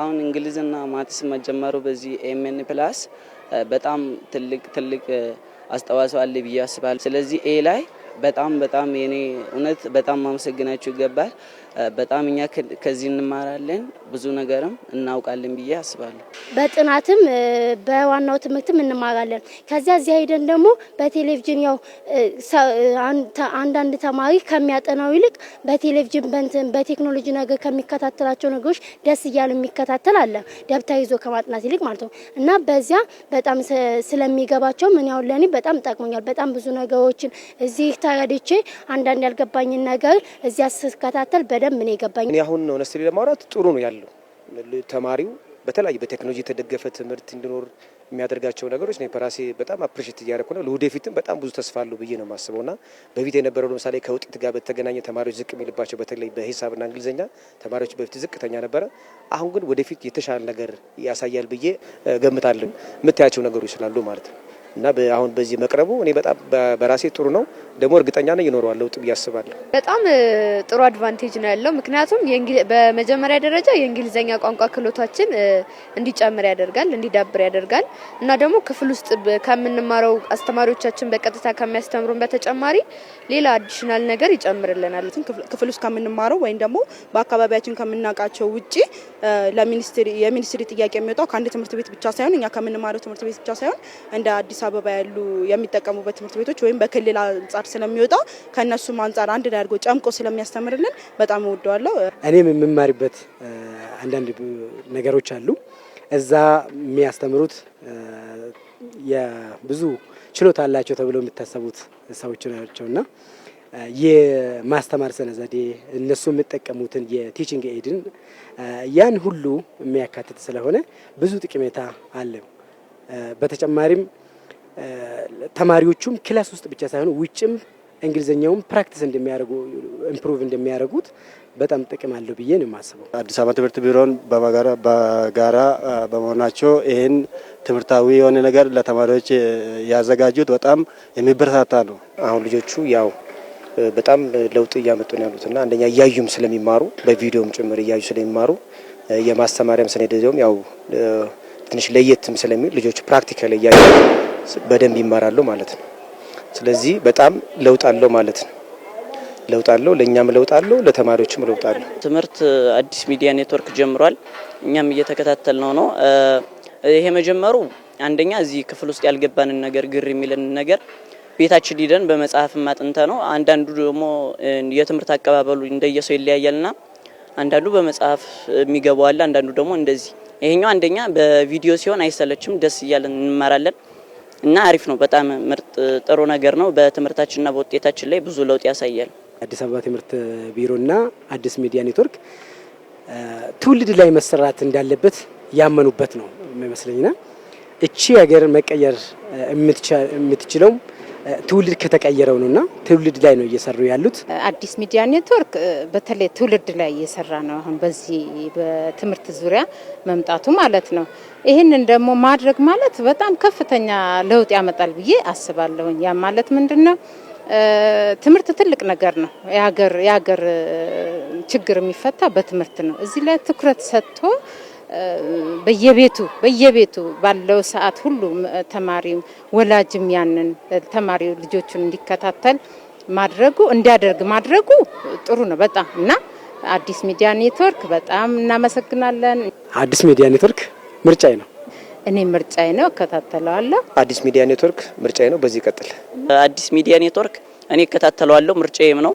አሁን እንግሊዝና ማትስ መጀመሩ በዚህ ኤምኤን ፕላስ በጣም ትልቅ ትልቅ አስተዋጽኦ አለ ብዬ አስባለሁ። ስለዚህ ኤ ላይ በጣም በጣም የኔ እውነት በጣም ማመሰግናችሁ ይገባል። በጣም እኛ ከዚህ እንማራለን፣ ብዙ ነገርም እናውቃለን ብዬ አስባለሁ። በጥናትም በዋናው ትምህርትም እንማራለን። ከዚያ እዚያ ሄደን ደግሞ በቴሌቪዥን ያው አንዳንድ ተማሪ ከሚያጠናው ይልቅ በቴሌቪዥን በንትን በቴክኖሎጂ ነገር ከሚከታተላቸው ነገሮች ደስ እያሉ የሚከታተል አለ ደብተር ይዞ ከማጥናት ይልቅ ማለት ነው እና በዚያ በጣም ስለሚገባቸው ምን ያሁን ለእኔ በጣም ጠቅሞኛል። በጣም ብዙ ነገሮችን እዚህ ተረድቼ አንዳንድ ያልገባኝን ነገር እዚያ ስከታተል በደ በደንብ ምን የገባኝ። እኔ አሁን ነው ሆነስትሊ ለማውራት ጥሩ ነው ያለው ተማሪው በተለያዩ በቴክኖሎጂ የተደገፈ ትምህርት እንዲኖር የሚያደርጋቸው ነገሮች እኔ በራሴ በጣም አፕሪሽት እያደረኩ ነው። ለወደፊትም በጣም ብዙ ተስፋ አለው ብዬ ነው የማስበው እና በፊት የነበረው ለምሳሌ ከውጤት ጋር በተገናኘ ተማሪዎች ዝቅ የሚልባቸው በተለይ በሂሳብና እንግሊዝኛ ተማሪዎች በፊት ዝቅተኛ ነበረ። አሁን ግን ወደፊት የተሻለ ነገር ያሳያል ብዬ ገምታለሁ። የምታያቸው ነገሮች ስላሉ ማለት ነው። እና አሁን በዚህ መቅረቡ እኔ በጣም በራሴ ጥሩ ነው። ደግሞ እርግጠኛ ነኝ ይኖረዋል ለውጥ ብዬ አስባለሁ። በጣም ጥሩ አድቫንቴጅ ነው ያለው። ምክንያቱም በመጀመሪያ ደረጃ የእንግሊዝኛ ቋንቋ ክህሎታችን እንዲጨምር ያደርጋል፣ እንዲዳብር ያደርጋል እና ደግሞ ክፍል ውስጥ ከምንማረው አስተማሪዎቻችን በቀጥታ ከሚያስተምሩን በተጨማሪ ሌላ አዲሽናል ነገር ይጨምርልናል። ክፍል ውስጥ ከምንማረው ወይም ደግሞ በአካባቢያችን ከምናውቃቸው ውጭ የሚኒስትሪ ጥያቄ የሚወጣው ከአንድ ትምህርት ቤት ብቻ ሳይሆን እኛ ከምንማረው ትምህርት ቤት ብቻ ሳይሆን እንደ አዲስ አበባ ያሉ የሚጠቀሙበት ትምህርት ቤቶች ወይም በክልል አንጻር ስለሚወጣ ከእነሱም አንጻር አንድ ላይ አድርጎ ጨምቆ ስለሚያስተምርልን በጣም እወደዋለሁ። እኔም የምማሪበት አንዳንድ ነገሮች አሉ። እዛ የሚያስተምሩት የብዙ ችሎታ አላቸው ተብለው የሚታሰቡት ሰዎች ናቸውና የማስተማር ስነ ዘዴ እነሱ የሚጠቀሙትን የቲችንግ ኤድን ያን ሁሉ የሚያካትት ስለሆነ ብዙ ጥቅሜታ አለው። በተጨማሪም ተማሪዎቹም ክላስ ውስጥ ብቻ ሳይሆን ውጭም እንግሊዝኛውም ፕራክቲስ እንደሚያደርጉ ኢምፕሩቭ እንደሚያደርጉት በጣም ጥቅም አለው ብዬ ነው የማስበው። አዲስ አበባ ትምህርት ቢሮን በጋራ በመሆናቸው ይህን ትምህርታዊ የሆነ ነገር ለተማሪዎች ያዘጋጁት በጣም የሚበረታታ ነው። አሁን ልጆቹ ያው በጣም ለውጥ እያመጡ ነው ያሉትና አንደኛ እያዩም ስለሚማሩ በቪዲዮም ጭምር እያዩ ስለሚማሩ የማስተማሪያም ስነደውም ያው ትንሽ ለየትም ስለሚል ልጆቹ ፕራክቲካል እያዩ በደንብ ይማራሉ ማለት ነው። ስለዚህ በጣም ለውጥ አለው ማለት ነው። ለውጥ አለው፣ ለእኛም ለውጥ አለው፣ ለተማሪዎችም ለውጥ አለው። ትምህርት አዲስ ሚዲያ ኔትወርክ ጀምሯል። እኛም እየተከታተል ነው ነው ይሄ መጀመሩ አንደኛ እዚህ ክፍል ውስጥ ያልገባንን ነገር ግር የሚለንን ነገር ቤታችን ሂደን በመጽሐፍ ማጥንተ ነው። አንዳንዱ ደግሞ የትምህርት አቀባበሉ እንደየሰው ይለያያልና አንዳንዱ በመጽሐፍ የሚገባው አለ፣ አንዳንዱ ደግሞ እንደዚህ። ይሄኛው አንደኛ በቪዲዮ ሲሆን አይሰለችም፣ ደስ እያለን እንማራለን። እና አሪፍ ነው። በጣም ምርጥ ጥሩ ነገር ነው። በትምህርታችንና በውጤታችን ላይ ብዙ ለውጥ ያሳያል። አዲስ አበባ ትምህርት ቢሮና አዲስ ሚዲያ ኔትወርክ ትውልድ ላይ መሰራት እንዳለበት ያመኑበት ነው የሚመስለኝና እቺ ሀገር መቀየር የምትችለው ትውልድ ከተቀየረው ነውና ትውልድ ላይ ነው እየሰሩ ያሉት። አዲስ ሚዲያ ኔትወርክ በተለይ ትውልድ ላይ እየሰራ ነው። አሁን በዚህ በትምህርት ዙሪያ መምጣቱ ማለት ነው። ይህንን ደግሞ ማድረግ ማለት በጣም ከፍተኛ ለውጥ ያመጣል ብዬ አስባለሁኝ። ያ ማለት ምንድን ነው? ትምህርት ትልቅ ነገር ነው። የሀገር ችግር የሚፈታ በትምህርት ነው። እዚህ ላይ ትኩረት ሰጥቶ በየቤቱ በየቤቱ ባለው ሰዓት ሁሉ ተማሪው ወላጅም ያንን ተማሪው ልጆቹን እንዲከታተል ማድረጉ እንዲያደርግ ማድረጉ ጥሩ ነው በጣም እና አዲስ ሚዲያ ኔትወርክ በጣም እናመሰግናለን። አዲስ ሚዲያ ኔትወርክ ምርጫዬ ነው። እኔ ምርጫዬ ነው፣ እከታተለዋለሁ። አዲስ ሚዲያ ኔትወርክ ምርጫዬ ነው። በዚህ ይቀጥል። አዲስ ሚዲያ ኔትወርክ እኔ እከታተለዋለሁ፣ ምርጫዬም ነው።